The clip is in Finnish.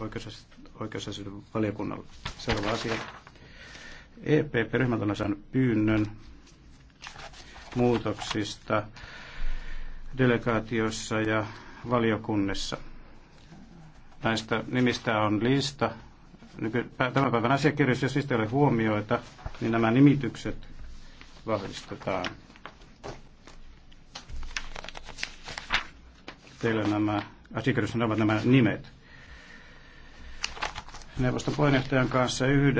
oikeus- oikeusasioiden valiokunnalle. Seuraava asia. EP-ryhmältä on saanut pyynnön muutoksista delegaatioissa ja valiokunnissa. Näistä nimistä on lista. Tämän päivän asiakirjassa, jos niistä ei ole huomioita, niin nämä nimitykset vahvistetaan. Teillä nämä asiakirjassa ovat nämä nimet neuvoston puheenjohtajan kanssa yhdessä